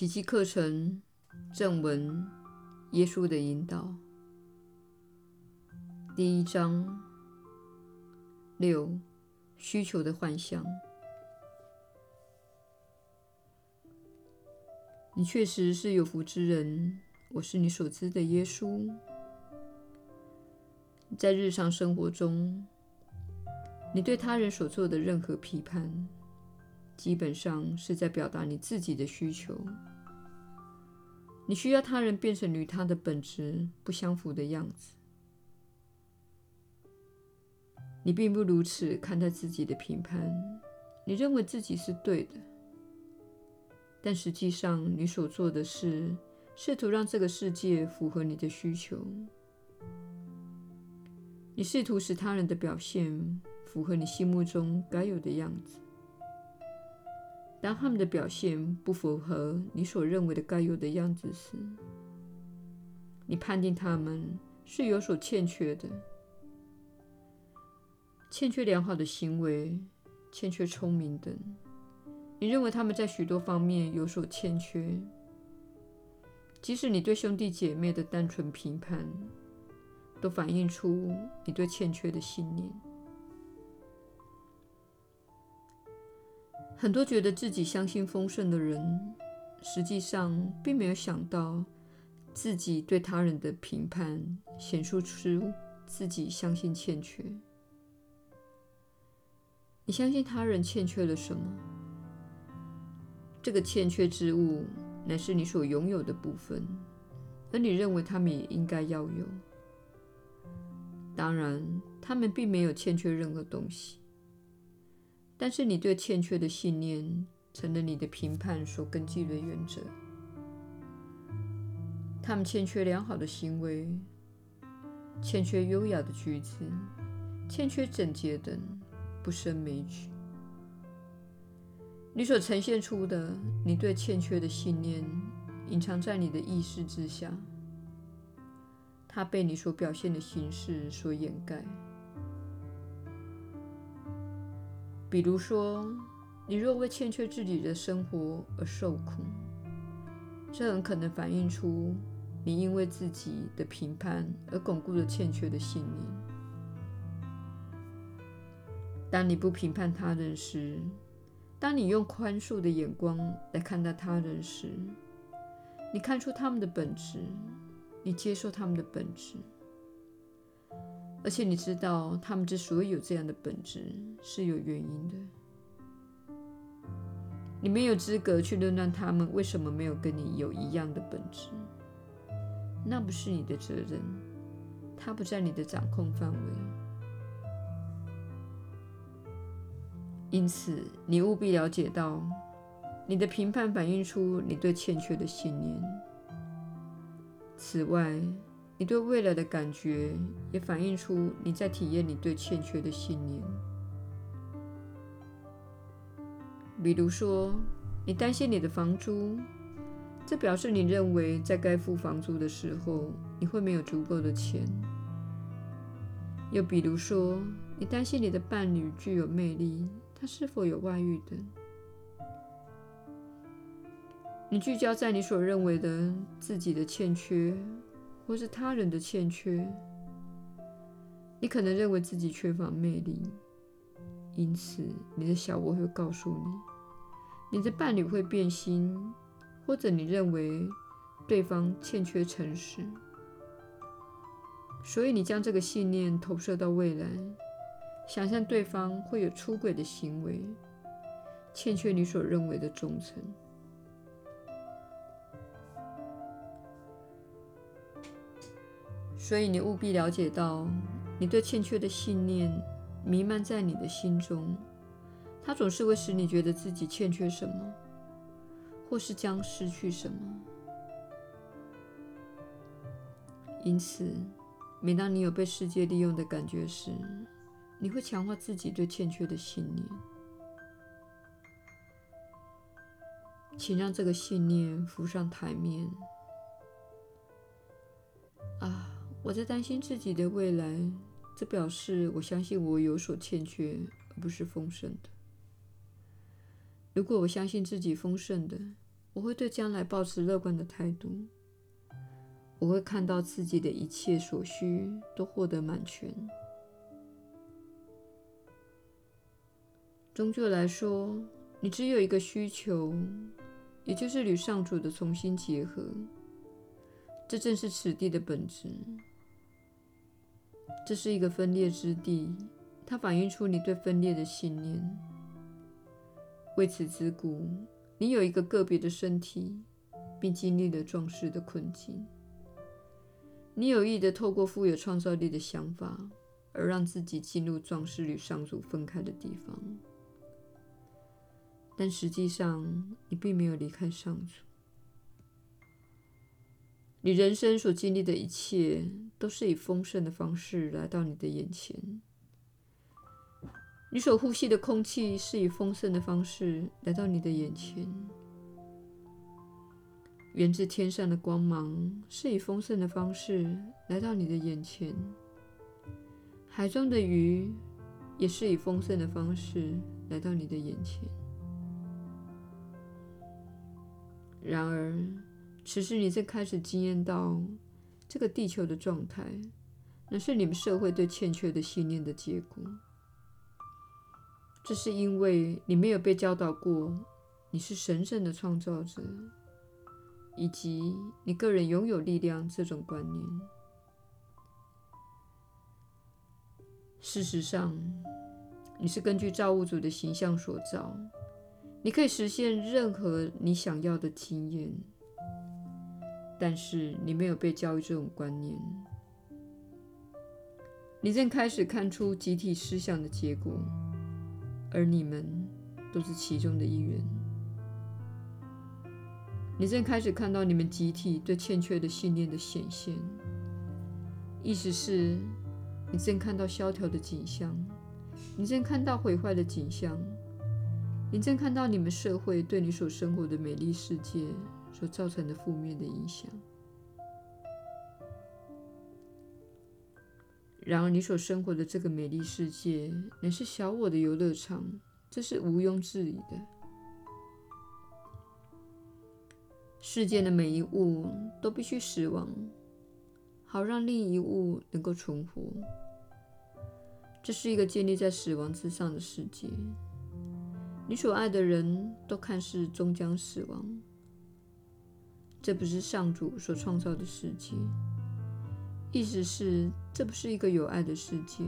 奇蹟課程正文：耶穌的引導，第一章六，需求的幻相。你確實是有福之人，我是你所知的耶穌。在日常生活中，你對他人所做的任何批判，基本上是在表達你自己的需求。你需要他人變成與他的本質不相符的樣子。你並不如此看待自己的評判，你認為自己是對的。但實際上你所做的是，試圖讓這個世界符合你的需求。你試圖使他人的表現符合你心目中該有的樣子。當他們的表現不符合你所認為的該有的樣子時，你判定他們是有所欠缺的，欠缺良好的行為，欠缺聰明等。你認為他們在許多方面有所欠缺，即使你對兄弟姐妹的單純評判，都反映出你對欠缺的信念。很多覺得自己相信豐盛的人，實際上並沒有想到自己對他人的評判顯示出自己相信欠缺。你相信他人欠缺了什麼，這個欠缺之物乃是你所擁有的部分，而你認為他們也應該要有。當然，他們並沒有欠缺任何東西。但是你對欠缺的信念成了你的評判所根據的原則。他們欠缺良好的行為，欠缺優雅的舉止，欠缺整潔等，不勝枚舉。你所呈現出的，你對欠缺的信念，隱藏在你的意識之下，它被你所表現的形式所掩蓋。比如說，你若為欠缺自己的生活而受苦，這很可能反映出你因為自己的評判而鞏固了欠缺的信念。當你不評判他人時，當你用寬恕的眼光來看待他人時，你看出他們的本質，你接受他們的本質。而且你知道，他們之所以有這樣的本質，是有原因的。你沒有資格去論斷他們為什麼沒有跟你有一樣的本質，那不是你的責任，它不在你的掌控範圍。因此，你務必了解到，你的評判反映出你對欠缺的信念。此外，你對未來的感覺也反映出你在體驗你對欠缺的信念。比如說，你擔心你的房租，這表示你認為在該付房租的時候你會沒有足夠的錢。又比如說，你擔心你的伴侶具有魅力，他是否有外遇等。你聚焦在你所認為的自己的欠缺，或是他人的欠缺，你可能認為自己缺乏魅力，因此你的小我會告訴你，你的伴侶會變心，或者你認為對方欠缺誠實，所以你將這個信念投射到未來，想象對方會有出軌的行為，欠缺你所認為的忠誠。所以你務必了解到，你對欠缺的信念瀰漫在你的心中，它總是會使你覺得自己欠缺什麼，或是將失去什麼。因此，每當你有被世界利用的感覺時，你會強化自己對欠缺的信念。請讓這個信念浮上台面。我在擔心自己的未來，這表示我相信我有所欠缺，而不是豐盛的。如果我相信自己豐盛的，我會對將來抱持樂觀的態度，我會看到自己的一切所需都獲得滿全。終究來說，你只有一個需求，也就是與上主的重新結合，這正是此地的本質。這是一個分裂之地，它反映出你對分裂的信念。為此之故，你有一個個別的身體，並經歷了狀似的困境。你有意的透過富有創造力的想法，而讓自己進入狀似與上主分開的地方，但實際上你並沒有離開上主。你人生所經歷的一切，都是以豐盛的方式來到你的眼前。你所呼吸的空氣，是以豐盛的方式來到你的眼前。源自天上的光芒，是以豐盛的方式來到你的眼前。海中的魚，也是以豐盛的方式來到你的眼前。然而，此時，其實你正開始經驗到這個地球的狀態，那是你們社會對欠缺的信念的結果。這是因為你沒有被教導過你是神聖的創造者，以及你個人擁有力量這種觀念。事實上，你是根據造物主的形象所造，你可以實現任何你想要的經驗。但是你沒有被教育這種觀念，你正開始看出集體思想的結果，而你們都是其中的一員。你正開始看到你們集體對欠缺的信念的顯現，意思是，你正看到蕭條的景象，你正看到毀壞的景象，你正看到你們社會對你所生活的美麗世界所造成的負面的影響。然而，你所生活的這個美麗世界乃是小我的遊樂場，這是無庸置疑的。世間的每一物都必須死亡，好讓另一物能夠存活。這是一個建立在死亡之上的世界。你所愛的人都看似終將死亡。這不是上主所創造的世界，意思是這不是一個有愛的世界。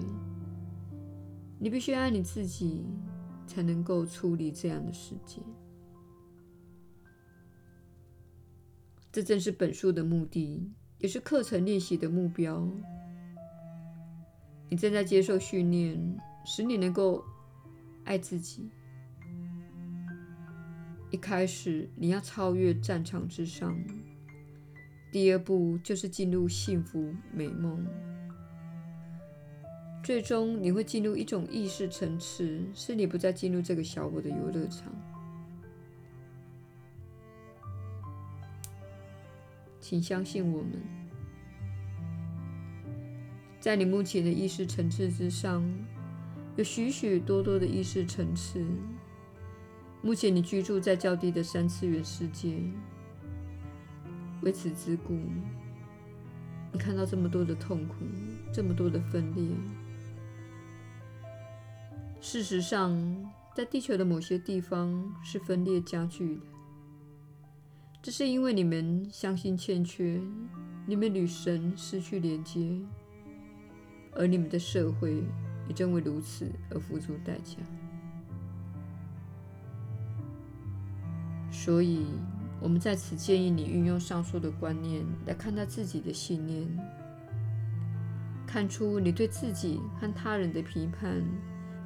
你必須愛你自己，才能夠出離這樣的世界。這正是本書的目的，也是課程練習的目標。你正在接受訓練，使你能夠愛自己。一開始，你要超越戰場之上。第二步就是進入幸福美夢。最終，你會進入一種意識層次，使你不再進入這個小我的遊樂場。請相信我們，在你目前的意識層次之上，有許許多多的意識層次。目前你居住在較低的三次元世界，為此之故，你看到這麼多的痛苦，這麼多的分裂。事實上，在地球的某些地方是分裂加劇的，這是因為你們相信欠缺，你們與神失去連接，而你們的社會也正為如此而付出代價。所以，我們在此建議你運用上述的觀念來看待自己的信念，看出你對自己和他人的批判，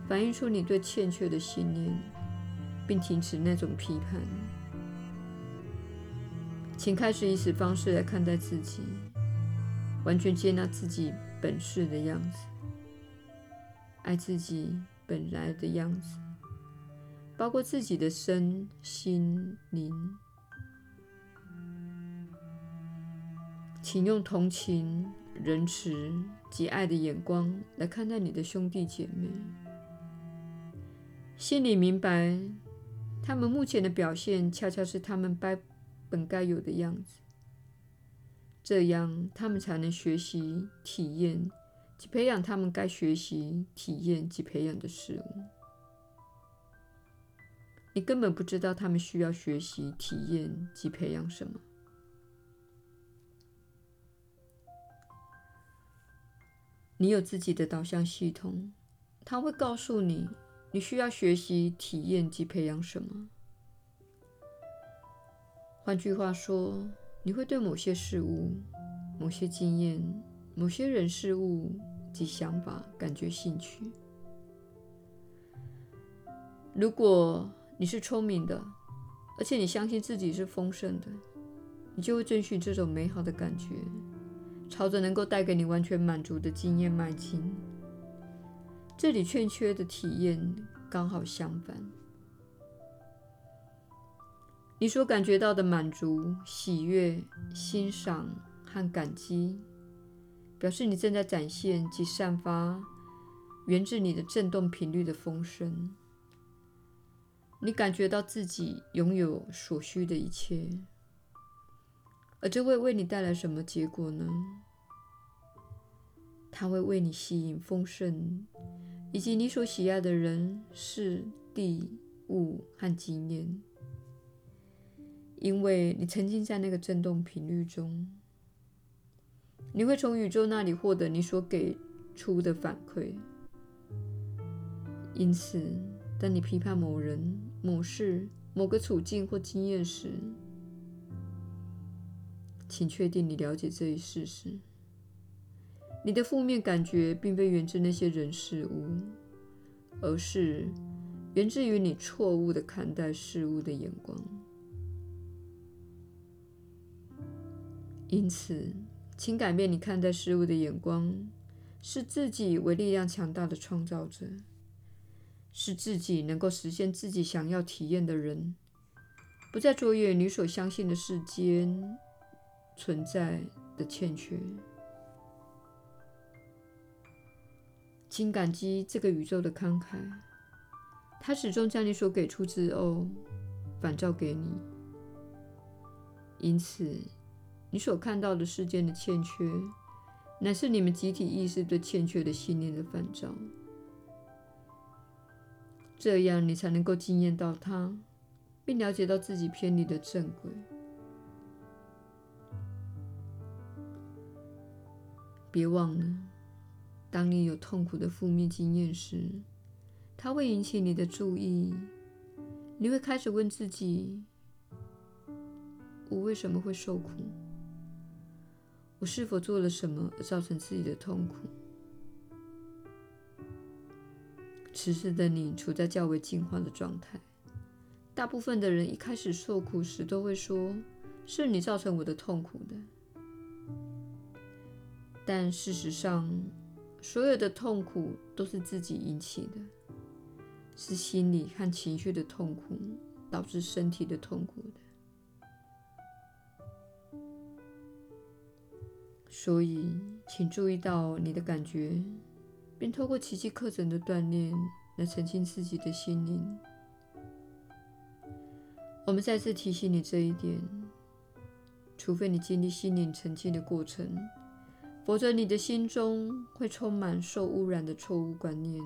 反映出你對欠缺的信念，並停止那種批判。請開始以此方式來看待自己，完全接納自己本是的樣子，愛自己本來的樣子。包括自己的身心靈，請用同情、仁慈及愛的眼光來看待你的兄弟姐妹，心裡明白，他們目前的表現，恰恰是他們該本該有的樣子。這樣，他們才能學習、體驗及培養他們該學習、體驗及培養的事物。你根本不知道他們需要學習、體驗及培養什麼。你有自己的導向系統，它會告訴你，你需要學習、體驗及培養什麼。換句話說，你會對某些事物、某些經驗、某些人事物及想法感覺興趣。如果你是聰明的，而且你相信自己是豐盛的，你就會遵循這種美好的感覺，朝着能夠帶給你完全滿足的經驗邁進。這裡欠缺的體驗剛好相反，你所感覺到的滿足、喜悅、欣賞和感激，表示你正在展現及散發源自你的振動頻率的豐盛。你感覺到自己擁有所需的一切，而這會為你帶來什麼結果呢？它會為你吸引豐盛，以及你所喜愛的人、事、地、物和經驗。因為你沉浸在那個振動頻率中，你會從宇宙那裡獲得你所給出的反饋。因此，當你批判某人，某事、某個處境或經驗時，請確定你了解這一事實。你的負面感覺並非源自那些人事物，而是源自於你錯誤的看待事物的眼光。因此，請改變你看待事物的眼光，視自己為力量強大的創造者。是自己能夠實現自己想要體驗的人，不再作業你所相信的世間存在的欠缺。請感激這個宇宙的慷慨，它始終將你所給出之後反照給你。因此，你所看到的世間的欠缺，乃是你們集體意識對欠缺的信念的反照。這樣你才能夠經驗到他，並了解到自己偏離的正軌。別忘了，當你有痛苦的負面經驗時，它會引起你的注意，你會開始問自己：我為什麼會受苦？我是否做了什麼而造成自己的痛苦？此時的你處在較為驚慌的狀態。大部分的人一開始受苦時都會說：“是你造成我的痛苦的。”但事實上，所有的痛苦都是自己引起的，是心理和情緒的痛苦導致身體的痛苦的。所以，請注意到你的感覺。並透過奇蹟課程的鍛鍊來澄清自己的心靈。我們再次提醒你這一點：除非你經歷心靈澄清的過程，否則你的心中會充滿受污染的錯誤觀念。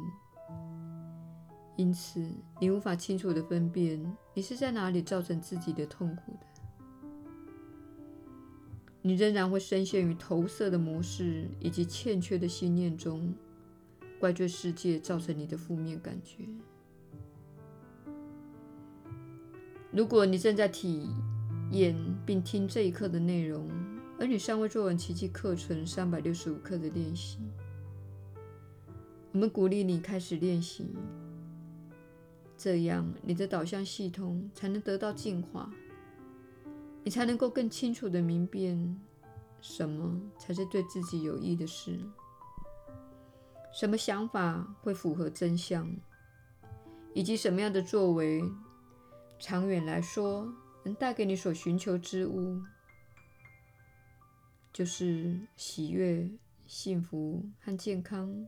因此，你無法清楚地分辨你是在哪裡造成自己的痛苦的。你仍然會深陷於投射的模式以及欠缺的信念中。怪罪世界造成你的負面感覺。如果你正在體驗並聽這一課的內容，而你尚未做完奇蹟課程三百六十五課的練習，我們鼓勵你開始練習，這樣你的導向系統才能得到進化，你才能夠更清楚的明辨什麼才是對自己有益的事。什麼想法會符合真相，以及什麼樣的作為，長遠來說能帶給你所尋求之物，就是喜悅、幸福和健康，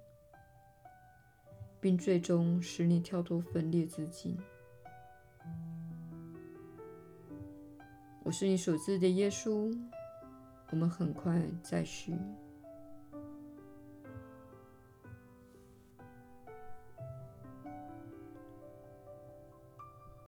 並最終使你跳脫分裂之境。我是你所知的耶穌，我們很快再續。